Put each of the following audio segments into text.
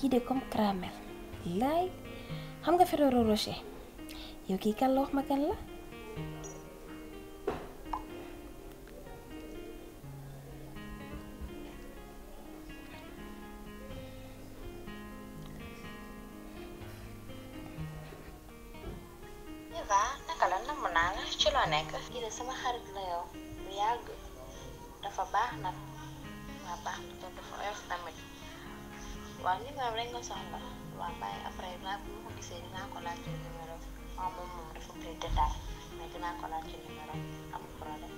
كيدكم كرامر لاي هم غفروا روشي يوكي كان لوخ مكان لا kan la ya de sama xarit la dafa baax nag waa baax na te dafa oyof tamit wangi nggak boleh nggak salah wangi apa yang ya? lagu mau di sini nggak aku lanjut nomor kamu mau merasa berbeda dah mungkin aku lanjut nomor kamu berada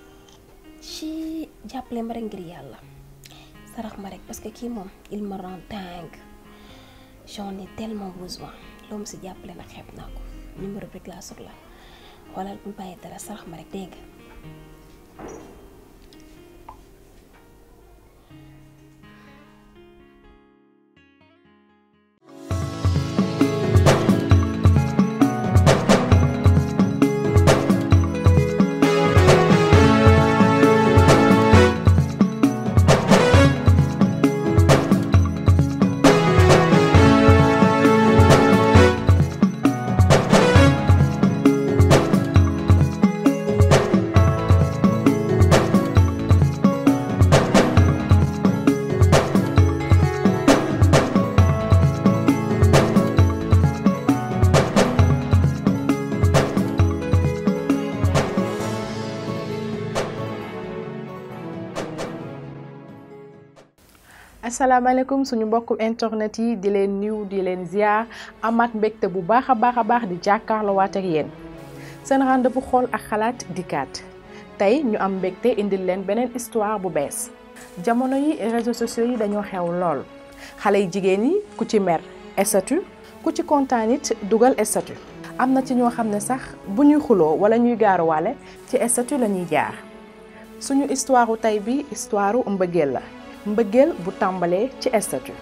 si japle merenggiri allah sarah marek pas kekimo il tank, tang j'en ai tellement besoin l'homme se diable na khep na ko numéro de classe la xolal bu baye dara sarah marek deg asalaamaaleykum suñu mbokku internet yi di leen niw di leen ziar amaat mbégte bu baax a baax a baax di jàkkaarloowaat ak yéen seen rendez-vous xool ak xalaat dikkaat tey ñu am mbégte indil leen beneen histoire bu bees jamono yi réseaux sociaux yi dañoo xew lool xale yi jigéen yi ku ci mer statut ku ci kontaan it dugal statut am na ci ñoo xam ne sax bu ñuy xuloo wala ñuy gaaruwaale ci statut lañuy jaar suñu histoire tey bi histoire mbëggeel la mbëggeel bu tàmbalee ci statut.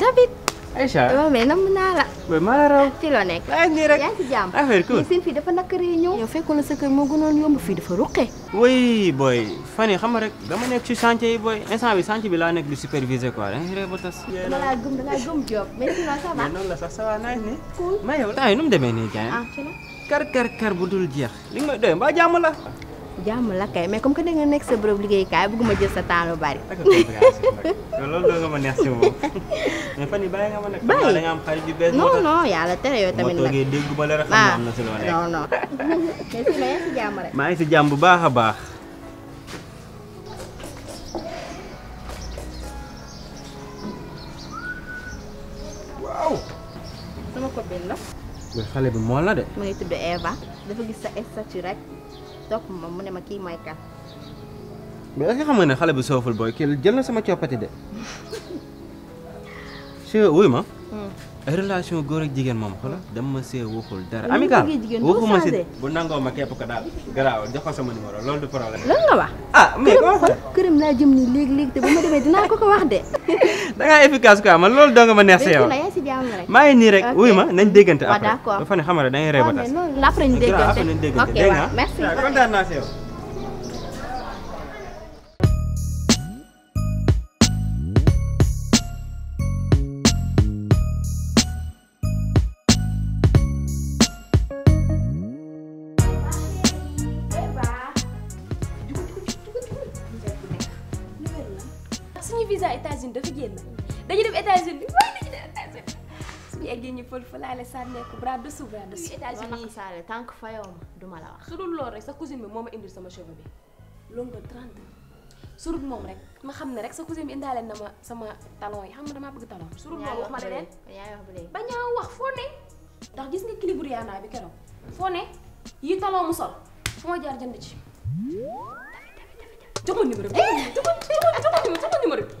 David. Aïcha waaw mais naa la. mais maa nekk maa ngi rek yaa ngi dafa ñëw. fekkoon na sa kër moo fii dafa ruqee. oui booy fan xam nga rek dama nekk ci chantier yi booy instant bi chantier bi laa nekk du supervisé quoi da ngay ba tas. da laa gëm da laa gëm job mais sinon ça va. mais noonu la sax ça va naaj ne. cool mais yow temps yi nu mu demee nii Diané. ah ci la. kar kar kar bu dul jeex. li nga ma doy jàmm la. jamu lah kayak mais kan dengan next sebelum beli kayak aku mau bëgguma jël lo temps lu bari. gak doo nga apa nih bayang apa nih bayang yi bàyyi bayang ma nag. bàyyi da nga am xarit lah bees. non non yàlla tere yow tamit nag. boo toogee dégg si loo nekk. non si bu baax a baax. sama copine la. mais kali bi moo la de. Eva dia pergi sa statut rek. topp ma mu ne ma kii mooy kan. mais est-ce que xam nga ne xale bu sooful booy kii jël na sama coppati de. si wuy relation góor ak jigéen moom xoolal dama see waxul dara. amical waxuma si bu nangoo ma kepp ko daal garaaw jox ko sama numéro loolu du problème. lan nga wax. ah mais koo xam jëm nii léegi léegi te bu ma demee dinaa ko ko wax de. da efficace quoi man loolu doo nga ma neex si yow. maa ngi nii rek wuy ma nañ déggante ah, après. waaw d'accord dafa ne xam nga da ngay rey ba après ñu déggante ok waaw merci kontaan naa si visa États-Unis dafa génn dañu dem États-Unis waaye dañu dem États-Unis suñu eggee ñu fël fëlaale sànneeku bras dessous bras dessous États-Unis saale tant que duma la wax su loolu rek sa cousine bi moo ma indil sama cheveux bi longue de moom rek ma xam ne rek sa cousine bi indaale na ma sama talon yi xam nga damaa bëgg talon surut moom ma la leen ba ñaaw wax foo ne ndax gis nga clip Rihanna bi keroog foo ne yi talon mu sol fu ma jaar jënd ci jox ma numéro bi jox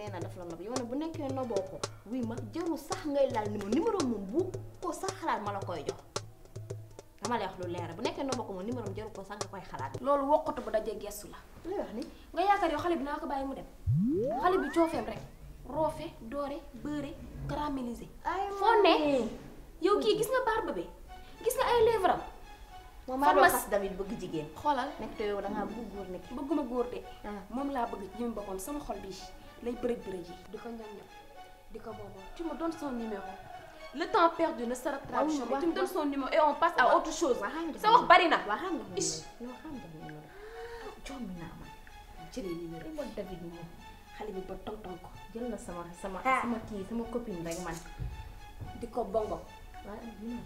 nee na daf la nopp yow ne bu nekkee noboo ko wuy ma jarul sax ngay laal numéro numéro moom bu ko sax xalaat ma la koy jox damaa lay wax lu leer bu nekkee noboo ko moom numéro jarul ko sax nga koy xalaat. loolu wokkatu bu la. li wax ni nga yaakaar yow bi naa ko mu dem xale bi coofeem rek roofe doore beurre caramélisé. aywa foo ne yow kii gis nga bi gis nga am. moom maa doon xas bëgg jigéen xoolal nekk te yow góor nekk bëgguma ah. laa bëgg jëm boppam sama xol bii lay bërëj bërëj yi di ko ñam ñam di ko booboo tu me donnes son numéro le temps perdu ne sera pas traduction tu me donnes son numéro et on passe à autre chose hein. sa wax bari na ish jommi naa man jëlee numéro yi moom David moom xale bi ba tonton ko jël na sama sama ah. sama kii sama copine rek man di ko bongo waaye ñu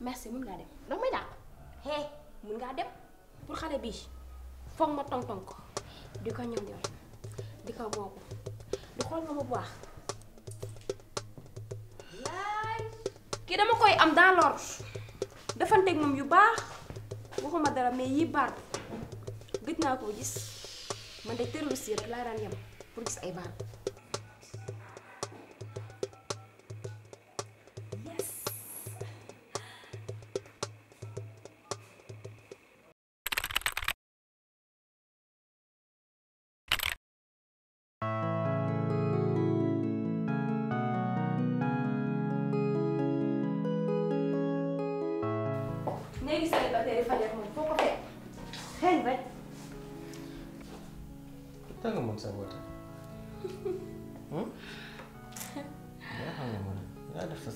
merci mun ngaa dem ndax may dàq hee mun ngaa dem pour xalé bi fokh ma tong ko di ko ñoñol di ko boobu di nga ma bu baax yaay kii dama koy am dans l'or defante ak mom yu baax waxuma dara mais yi bar gëj ko gis man de terroriste rek la ran yam pour gis ay baar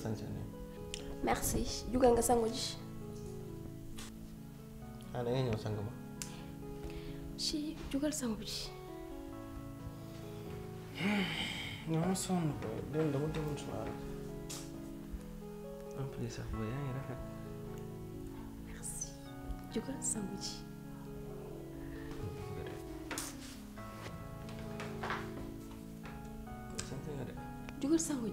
sañse nii merci jugal nga sangu ji ah ñëw sang ma ci jugal sangu ji dama booy démb dama demoon soir en plus sax booy yaa ngi rafet merci jugal sangu ji jugal sangu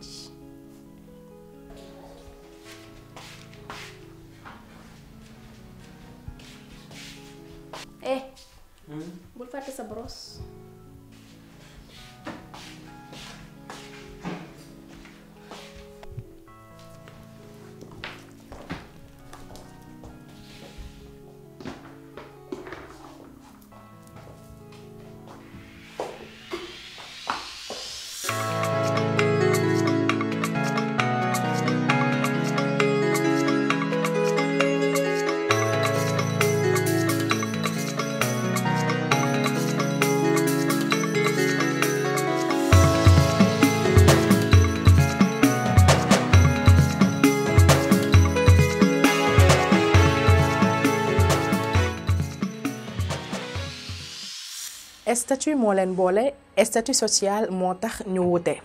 statut moo leen boole statut social moo tax ñu wute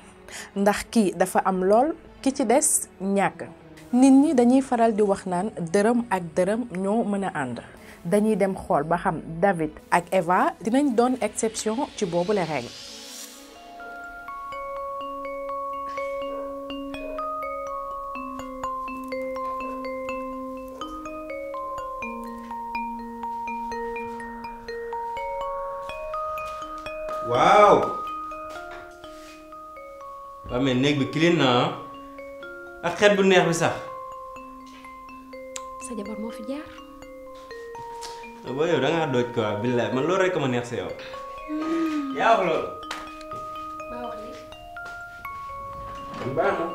ndax kii dafa am lool ki ci des ñàkk nit ñi dañuy faral di wax naan dërëm ak dërëm ñoo mën a ànd dañuy dem xool ba xam David ak Eva dinañ doon exception ci boobu la règle Wow. waaw mais néeg bi clean na ak xet bu neex bi sax sa jabar mo fi jaar ah, boo yow da nga doj quoi billaay man loolu rekk ma neex sa yow Ba hmm. wax loolu Ba no.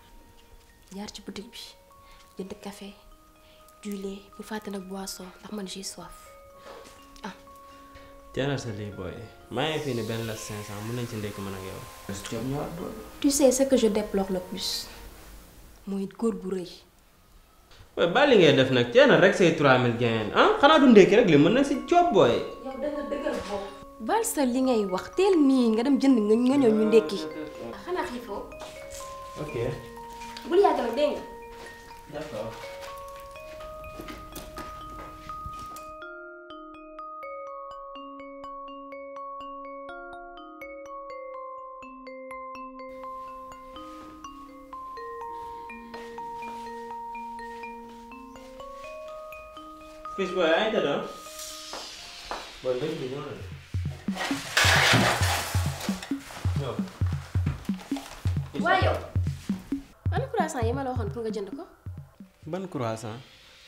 jaar ci boutique bi jënd café du lait bu fàtte nag boisson ndax man j'ai soif ah. sa lii booy maa ngi fi benn la 500 mun nañ ci ndekki mën ak yow. tu sais ce que je déplore le plus mooy góor bu rëy. waaye li ngay def nag jënd rek say 3000 gain ah xanaa du rek li mën na si coob booy. yow sa li ngay wax teel nii nga dem jënd nga ñëw ñu ndekki. xanaa xiifoo. ok. Guri ya dördün. D'accord. Fiz boa ainda não? Boa bem milhões. Não. Why you? croissant yi ma la waxoon pour nga jënd ko. ban croissant.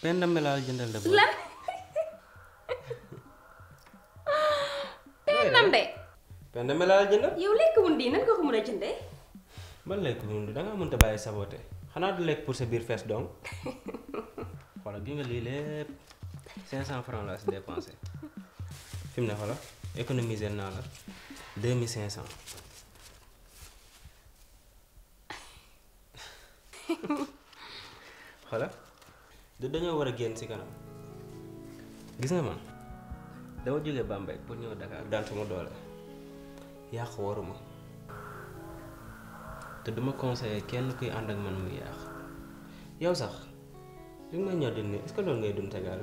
benn ndambe laa jëndal de. lan benn ndambe. jëndal. yow lekk wundi nan nga ko mën a jëndee. ban lekk wundi da ngaa mënta bàyyi saboté xanaa du lekk pour sa biir fees donc xoolal gi nga lii lépp 500 francs laa si dépensé fi mu ne xoolal économiser naa la 2500. Hola. du dañoo war a génn si kanam gis nga man Da dama jogé Bambay pour ñëw Dakar daan mu doole yàq waruma te duma conseillé kenn kuy and ak man muy yàq yow sax li nga eh? dëgg ni est ce que loolu ngay dund Dakar?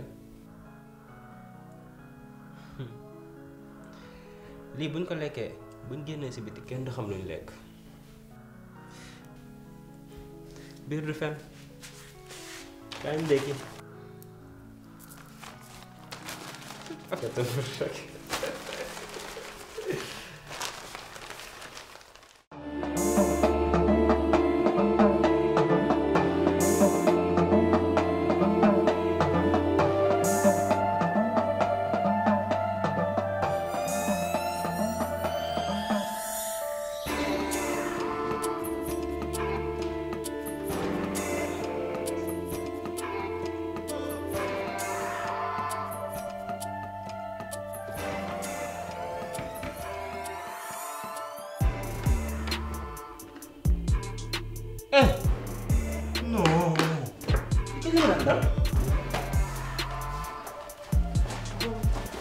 Li buñ ko lekkee buñ génnee ci biti kenn du xam luñu lekk Buyurun efendim. Ben de ki. Yatağı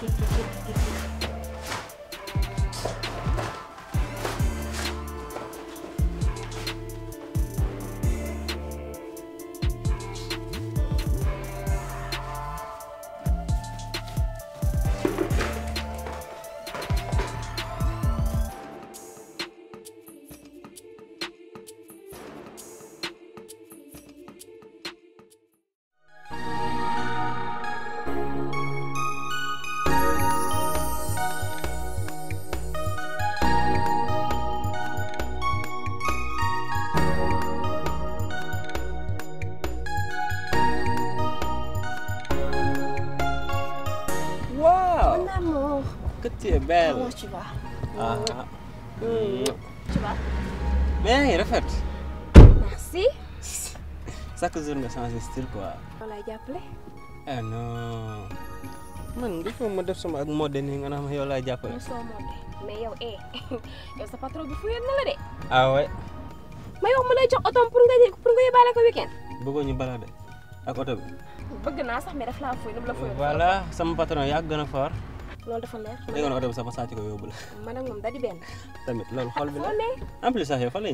Thank you. sama sans style quoi wala jappelé ah eh, non man gisuma ma def sama ak modé ya? eh. ni nga nama yow la jappelé so modé mais yow eh yow sa patron bi fuyen na la dé ah ouais mais yow ma lay jox lagi, pour nga pour nga weekend Bukan ñu balade ak auto apa? bëgg naa sax mais fuyan. laa fuy lu la voilà sama patron yaa gën a fort loolu dafa leer da nga auto bi sama sàcc ko yóbbu la man ak moom da di benn tamit loolu xol bi la en plus sax yow fa lay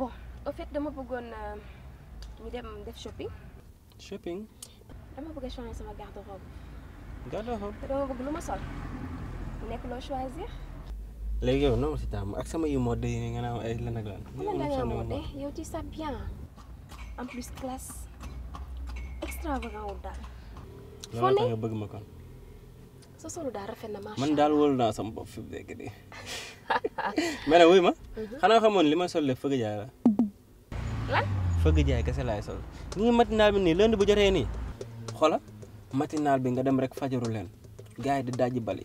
bon au fait dama ñu dem def shopping. shopping. dama bëgg a sama garde robe. garde robe te dama bëgg lu ma sol. mu nekk loo choisir. léegi yow non si taamu ak sama yu mode yi nga naan ay lan ak la nga mode ne daal rafet na macha man daal wóolu naa sama bopp fi mu wuy ma. Mhm. xanaa xamoon li ma sol lépp fëgg jaay la. fëgg jaay e kese laay sol ni matinal bi ni lënd bu jotee nii xoola matinal bi nga dem rek fajaru leen gaay di dajji bali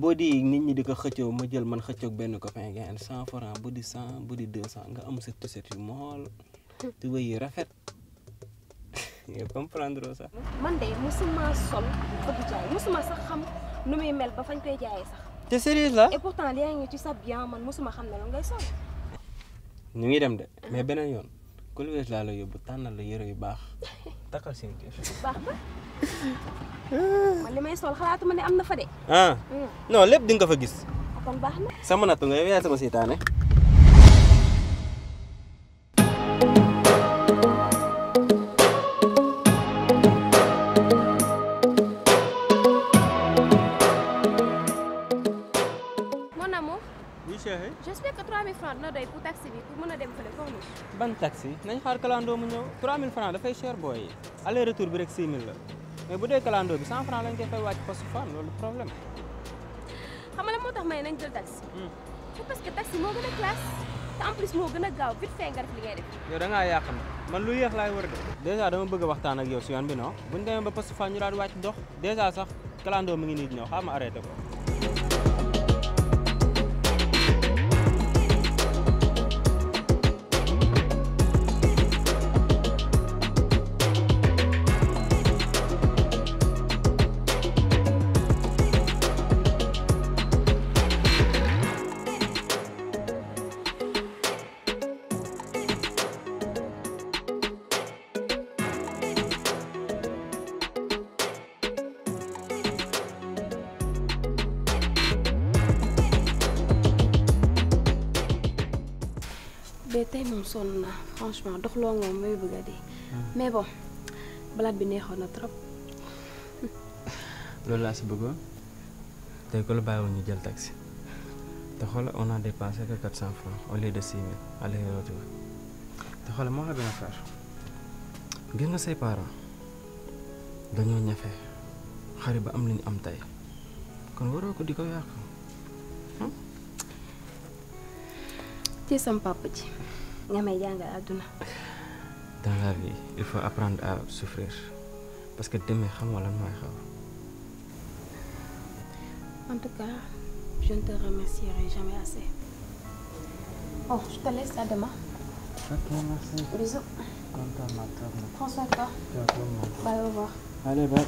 boo di nit ñi di ko xëccoo ma jël man xëccoog benn copain gain cent franc bu di cent bu di deux cent nga am sa tiset yu mool tuba yi rafet nga comprendre sax man de musuma sol fëgg jaay musuma sax xam nu muy mel ba fañ koy jaayee sax te sérieux la et pourtant lia ngi ci sa bien man musuma xam ne la ngay sol ñu ngi dem de ah. mais beneen yoon Colobes laa la yóbbu tànnal la yére yu baax takkal seen kër. baax na man li na fa de. ah mm. lépp di nga fa gis. Ah, kon baax na. sama natt nga yow yaay sama seytaane. ban taxi nañ xaar kalando mu ñew 3000 francs da fay cher boy aller retour bi rek 6000 la mais bu dé kalando bi 100 francs lañ koy fay wacc poste fan lolu problème xam nga la may nañ jël taxi hmm parce que taxi mo gëna classe en plus mo gëna a gaaw vite fay ngar fi ngay e def yow da ngaa yàqam man lu yéex lay wër déjà dama bëgg waxtaan ak yow ci yoon bi non buñ demee ba poste fan ñu daal wacc dox déjà sax kalando mi ngi ni ñew xam arrêté ko mais mom sonna franchement dox lo ngom may bëgg a hmm. mais bon balaat bi neexoon na trop. loolu la ci bëggo tey ko la bàyyiwul ñu jël taxi te xol on a dépensé que 400 francs au lieu de 6000 000 aller-retour te xol mo la na faar gën nga say parents dañoo ñafé xari ba am li am tay kon waro ko diko ko yàq. ci hmm? sam papa ji. dans la vie il faut apprendre à souffrir parce que demain, xamoo lan je xaw en tout cas je ne te remercierai jamais assez bon oh, je te laisse à demain ok merci bisous prends soin de toi bye au revoir allez bye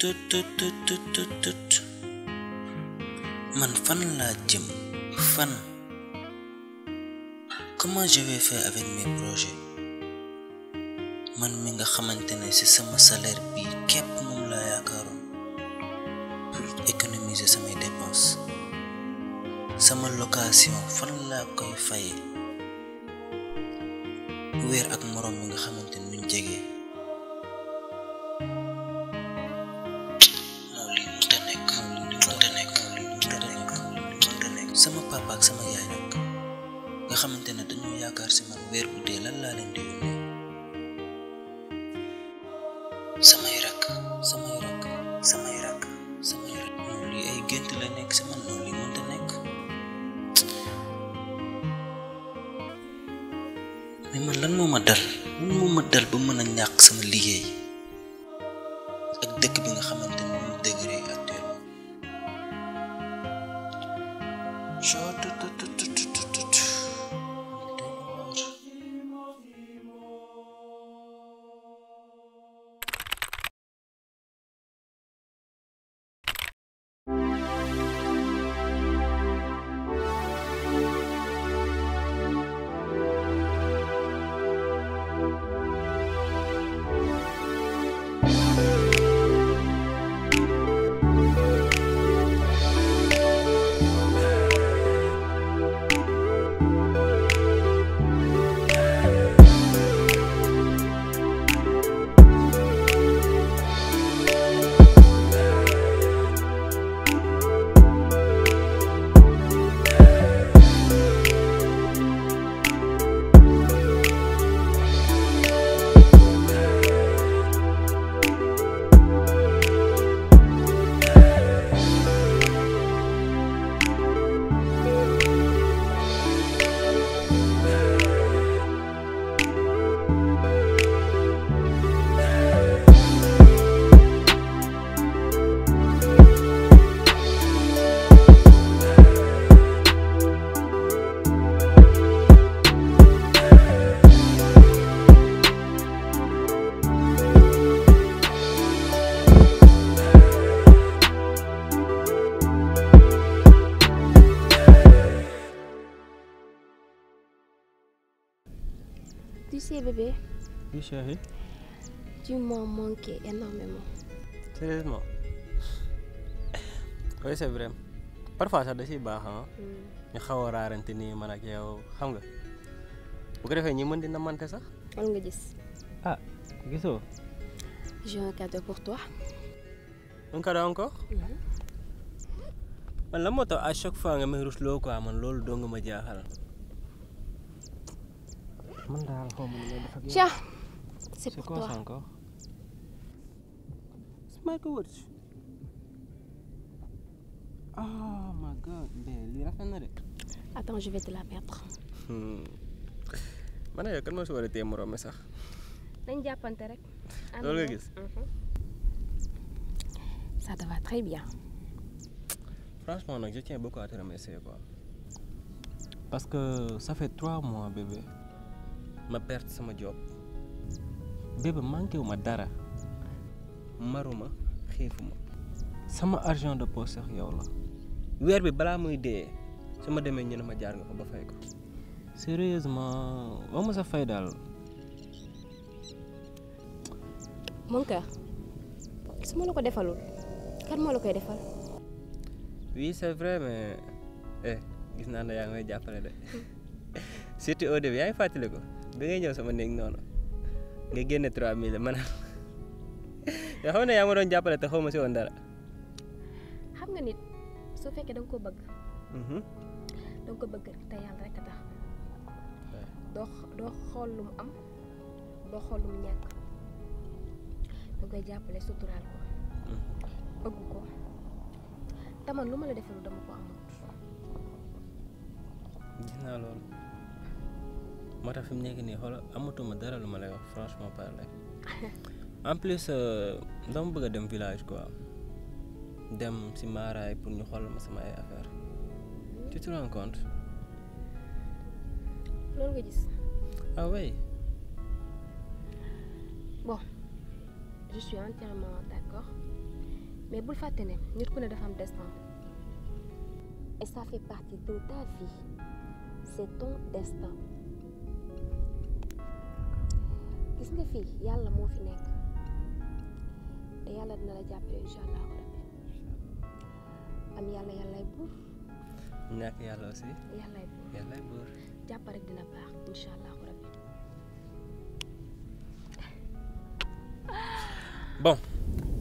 tut man fan laa jëm fan comment je vais avec mes projets man mi nga xamante ne ci sama salaire bi képp moom laa yaakaaroon pour économiser samay dépenses sama location fan laa koy faye weer ak moroom mi nga xamante ne ñu jege Oui bébé. Oui, Tu m'as manqué énormément. Sérieusement Oui, c'est vrai. Parfois, ça aussi Je ah. Hmm. ñu pas tu un man ak yow xam nga. bu ko defee ñi ah j'ai un cadeau pour toi. un cadeau encore. Mhm. man la moto, à chaque fois me may rusloo quoi Tiens, c'est pour toi. C'est encore C'est Michael Woods. Oh my god, mais ben, Attends, je vais te la mettre. Hmm. Je ne kan pas si war a téye moroom mi sax. nañ jàppante rek. loolu nga gis. ça te va très bien. franchement je tiens beaucoup à te remercier quoi. parce que ça fait trois mois bébé. ma perte sama job bébé manqué wu ma dara maruma xiifuma sama argent de poche sax yow la weer bi balaa muy dee sama ma demee ñu ne ma jaar nga ko ba fay ko sérieusement wama sa fay daal Monka ma la ko defalul kan moo la koy defal oui c'est vrai mais eh gis naa ne yaa ngi may jàppale de hmm. surtout au début bi ngay sama néeg noonu nga génne 3000 man yoo xam ne ma doon jàppale te xaw ma si woon dara. xam nga nit su fekkee da ko bëgg. Mhm. da ko bëgg te yàlla rek a doo xool lu am doo xool lu ñàkk da koy jàppale suturaal ko. bëgg ko te man lu ma la defee lu dama ko amul. gis naa loolu. moo tax fi mu nekk nii xoola amatuma dara lu ma lay wax franchement parler en plus euh, dama bëgg a dem village quoi dem si maaraay pour ñu xool ma sama ay affaire tu te rends compte. loolu nga gis. ah oui. bon je suis entièrement d'accord mais bul fàtte ne nit ku ne dafa am destin. et ça fait partie de ta vie c'est ton destin. gis nga fii yàlla moo fi nekk te yàlla dina la jàppale incha allah rabbi am yàlla yàllaay buur. ñàkk dina baax incha allah rabbi. bon.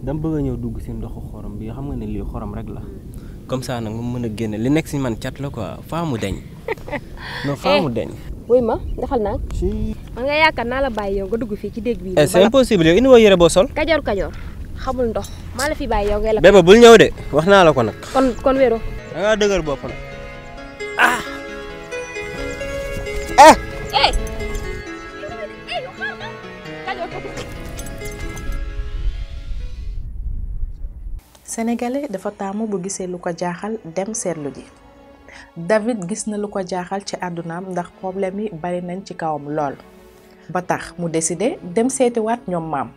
dama bëgg a ñëw dugg si ndoxu xorom bi xam nga ne lii xorom rek la. comme ça nag mu mën a génne li nekk si man cat la ko faa mu deñ non faa eh. deñ wuy ma defal naa man nga yaakaar naa la bàyyi yow nga dugg ci bi c'est impossible yow indi sol xamul ndox la fi yow ngay la bul kon kon wéro da ah eh eh, eh, eh sénégalais dafa taamu bu gisé lu ko dem sétlu ji David gis na lu ko jaaxal ci àddunaam ndax problème yi bari nañ ci kawam lool ba tax mu deside dem seetiwaat ñoom maam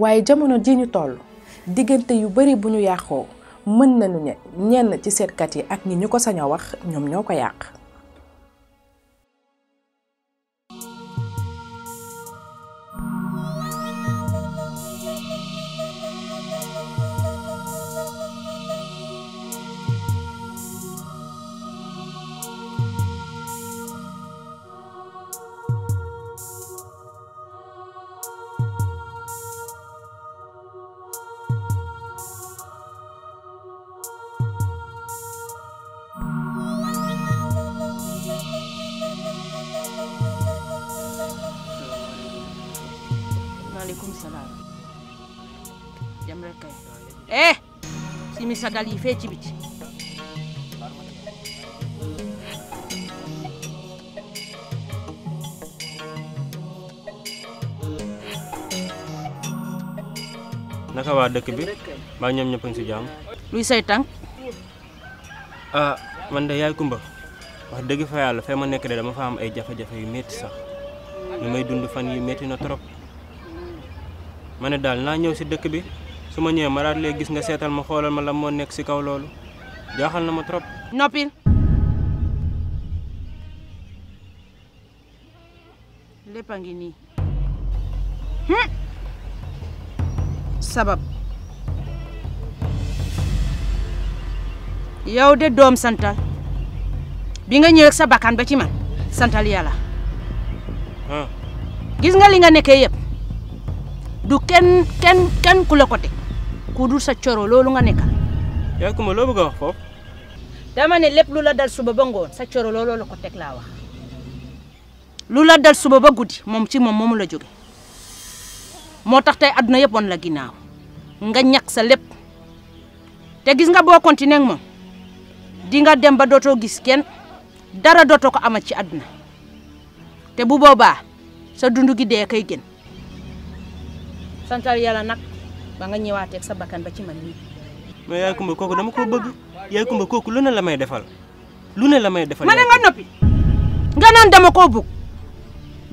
waaye jamono ji ñu toll diggante yu bari bu ñu yàqoo mën nañu ne ci seetkat yi ak ñi ñu ko sañoo wax ñoom ñoo ko yàq hôpital yi naka waa dëkk bi mbaa ñoom ñëpp si jàmm luy say tànk ah man de yaay Kumba wax dëgg fa yàlla ma nekk de dama fa am ay jafe-jafe yu metti sax li may dund fan yi metti na trop ma ne daal naa ñëw si dëkk bi suma ñëwee ma daal gis nga sétal ma xolal ma la mo nekk ci kaw lolu jaaxal na ma trop nopi lepangi ni hmm sabab yow de dom santal bi nga ñëw ak sa bakkan ba ci man santal ha ah. gis nga li nga nekké yépp du ken ken ken kula ko tek kudur sa choro lolu nga nekka ya kuma lo bëgg wax fof dama ne lepp lula dal suba ba ngon sa choro lolu lako tek la wax lula dal suba ba gudi mom ci mom momu la joge motax tay aduna yep won la ginaaw nga ñak sa lepp te gis nga bo continuer ak mom di nga dem ba doto gis ken dara doto ko amati ci aduna te bu boba sa dundu gi de kay gen santal yalla nak ba nga ñëwaatee ak sa bakkan ba ci man nii mais yaay kumba kooku dama koo bëgg yaay kumba kooku lu ne la may defal lu ne la may defal ma ne nga noppi nga naan dama koo bugg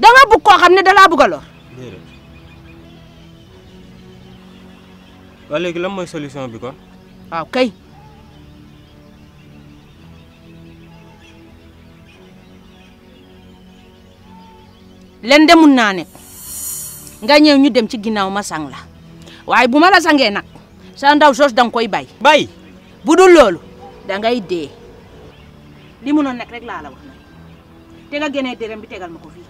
da nga bugg koo xam ne da laa bugg a lor waa léegi lan mooy solution bi kon waaw kay len de mun naa nga ñëw ñu dem ci ginnaaw ma sang la waye buma la sangé nak sa ndaw soos dang koy bay bay budul lolou da ngay dé li mu nak rek la la wax nag te nga gëné dérem bi tégal mako fi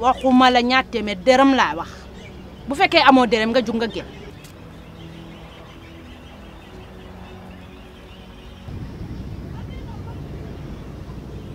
waxuma la ñaat témé dérem la wax bu féké amo dérem nga nga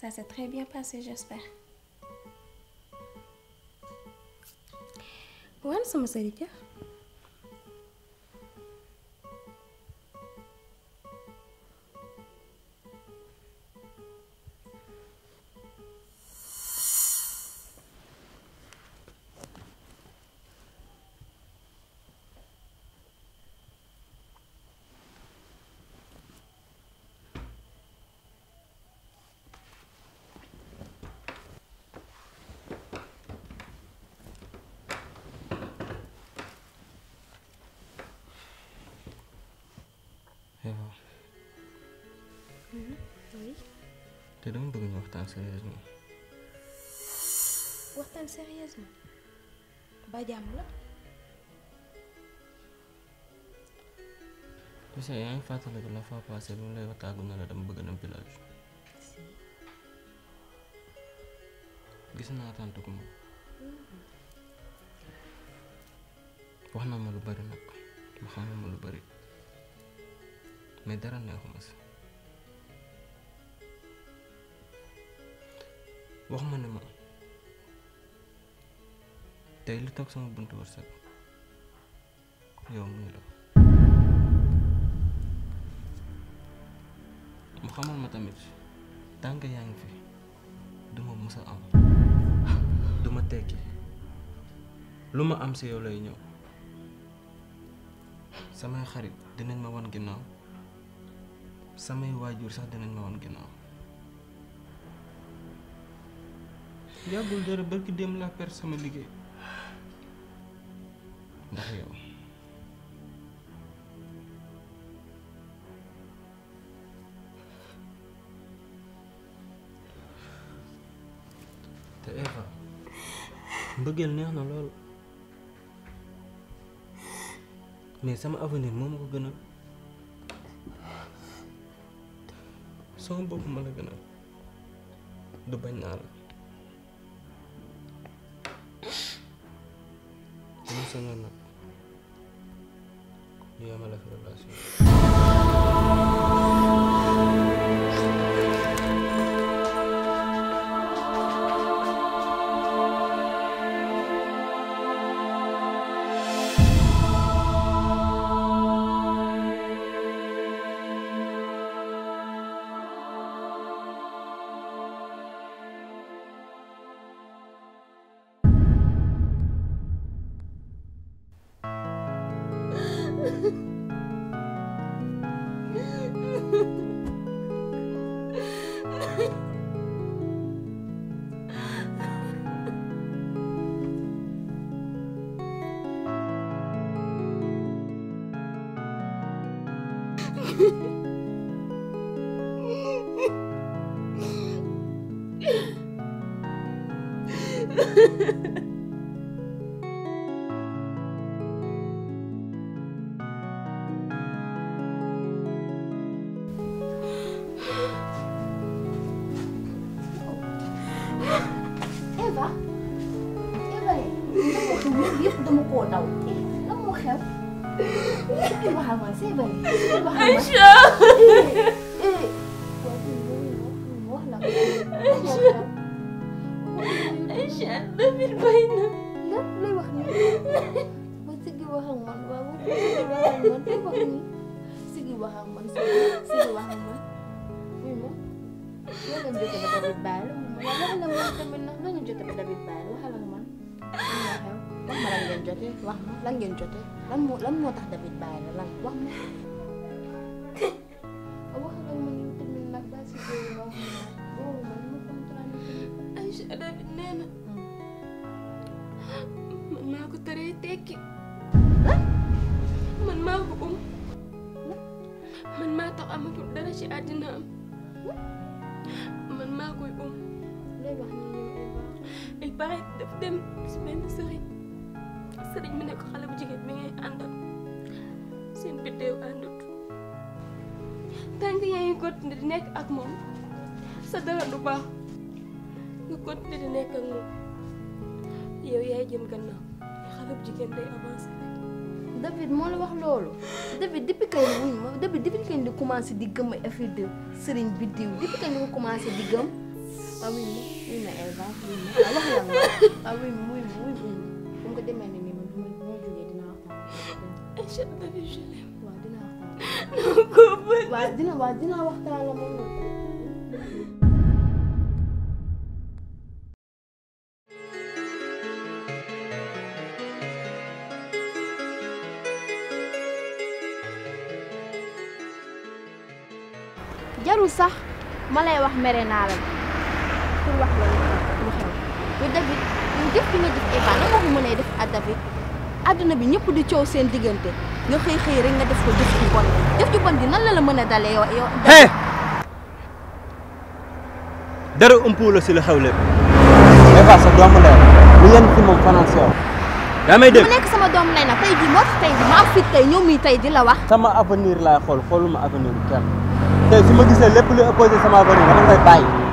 Ça s'est très bien passé, j'espère. Où est-ce que je dama bëgg ñu waxtaan sérieusement. waxtaan sérieusement ba jàmm la. tu yaa ngi fàttaliku la fois passée bi mu lay waxtaanee na la dama bëgg dem village. gis naa tante ko moom. wax na ma lu bari nag ma xam ma lu bari mais dara neexuma si. wax ma ne ma tey lu toog sama buntu wërsëg yow muy la mu xamal ma tamit tànk yaa ngi fi du ma a am du tekki lu ma am si yow lay ñëw samay xarit dinañ ma wan ginnaaw samay waajur sax dinañ ma wan ginnaaw yàggul dara barki dem laa per sama liggéey ndax yow te Eva mbëggeel neex na lool mais sama avenir moom ma ko gënal sama bopp ma la gënal du bañ naa la funcionan. me la relación. عشان ما في البينة لا لا يوخني ما تجي وهم من بابا تجي وهم من لا يوخني تجي وهم من تجي وهم من لا نجي تبدا بالبال لا لا ما كملنا لا نجي تبدا بالبال وهلا ما لما لن ينجتي وهم لن ينجتي لما لما تهدى بالبال لن وهم baik dafa dem sering sering sëriñ sëriñ bi ne bu jigéen bi ngay àndal seen biddéew àndut tànk yaa ngi continué di nekk ak mom sa dara du baax nga continué di nekk ak moom yow yaay jëm gannaaw xale bu jigéen day avancé David moo la wax loolu David depuis kañ wuñ ma David depuis kañ di commencé di gëm affaire de sëriñ biddiw depuis kañ di ko commencé di gëm na Elva na ah oui muy muy buñ bu ko demee ne nii man bu ma jógee dinaa waxtaan. waaw dinaa waxtaan. waaw dina waaw dinaa waxtaan la moom. jarul sax ma lay wax mere naa la pour wax la David yow jëf bi nga jëf Eva na nga ko mënee def à David àdduna bi ñëpp di coow seen diggante nga xëy xëy rek nga def ko jëf ci bon jëf ci bon bi nan la la mën a dalee yow yow. dara ëmpoo la si la xew lépp. Eva sa doomu ndey lu ngeen fi moom financé woon. yaa may dégg mu nekk sama doomu ndey nag tey jii moo fi tey jii ma am fit tey ñoom mii tey di la wax. sama avenir laay xool xooluma avenir kenn tey su ma gisee lépp lu opposé sama avenir dama koy bàyyi.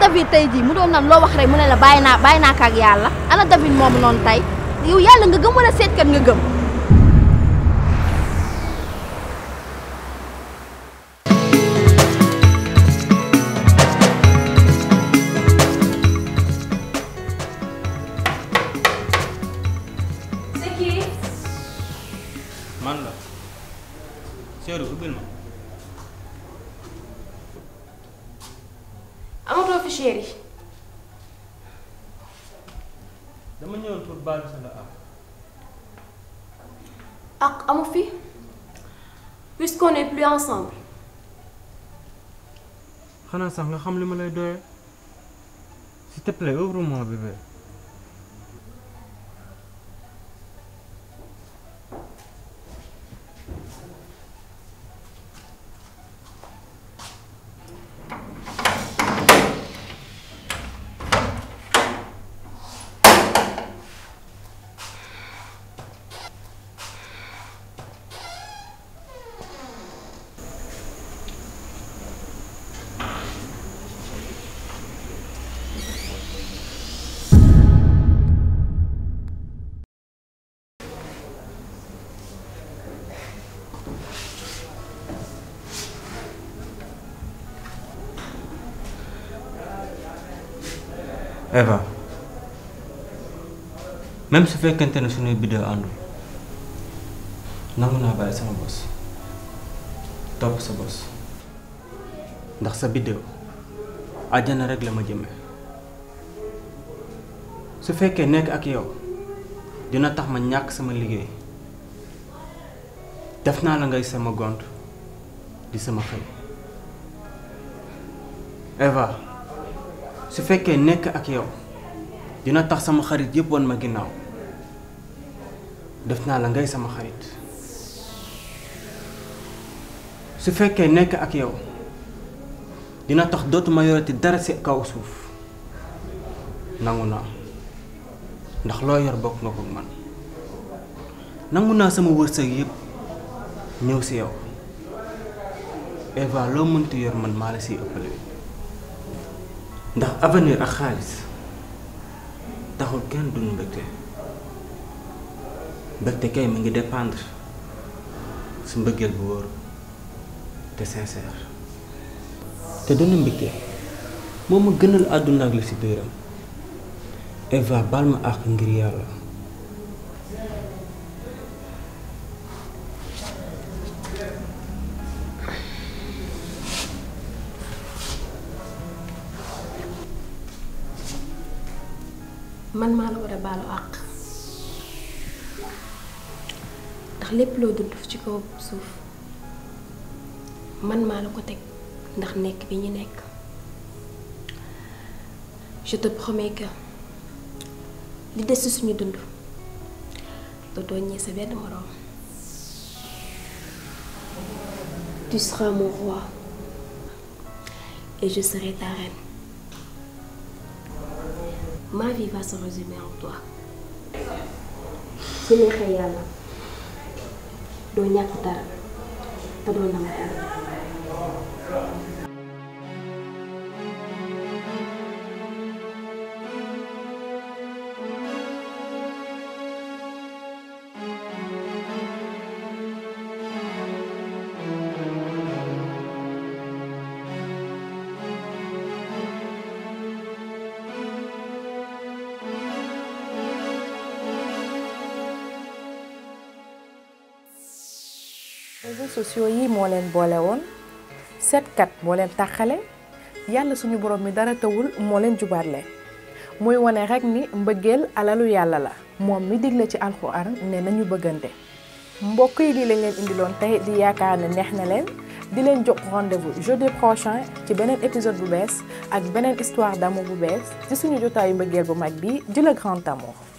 David tay di mu doon nan lo wax rek mu ne la bayina bayina ka ak yalla ana David mom non tay yow yalla nga gëm wala set kat nga gëm man la seeru ubbil ma chéri dama ñëwoon pour baalu sa la ak ak ah, amu fi puisqu'on n'est plus ensemble xanaa sax nga xam li ma lay balle. s'il te plaît ouvre-moi bébé même su fekkente ne suñuy biddéew àndul nangu naa bàyyi sama bos topp sa bos ndax sa biddéew àjjana rek la ma jëmee su fekkee nekk ak yow dina tax ma ñàkk sama liggéey def naa la ngay sama gont di sama xëy Eva su fekkee nekk ak yow dina tax sama xarit yépp woon ma ginnaaw def naa la ngay sama xarit su fekkee nekk ak yow dina tax dootuma yorati dara ci kaw suuf nangu naa ndax loo yor bokk nga ko man nangu naa sama wërsëg yépp ñëw ci yow Eva loo mënti yor man maa la ciy ëppale ndax avenir ak xaalis taxul kenn duñu mbégte mbégte kay mu ngi dépendre su mbëggeel bu wóor te sincère te dana mbégte moo ma gënal àdduna ak la si biiram Eva baal ma àq ngir yàlla man maa la war a baalu àq ndax lépp loo dund ci kaw suuf man maa la ko teg ndax nekk bi ñu nekk je te promets que li des suñu dund dootoo ñëw sa benn morom tu seras mon roi et je serai ta reine ma vie va se résumer en toi su neexee donyakter. Pedulang. réseaux sociaux yi moo leen boole woon kat moo leen taxale yàlla suñu borom mi dara tawul moo leen jubaatle muy rek ni mbëggeel alalu yàlla la moom mi digle ci ne nañu bëggante mbokk yi lii lañ leen indiloon tey di di leen rendez-vous jeudi prochain ci beneen épisode bu bees ak beneen histoire d'amour bu bees ci suñu jotaayu mbëggeel bu mag bi grand amour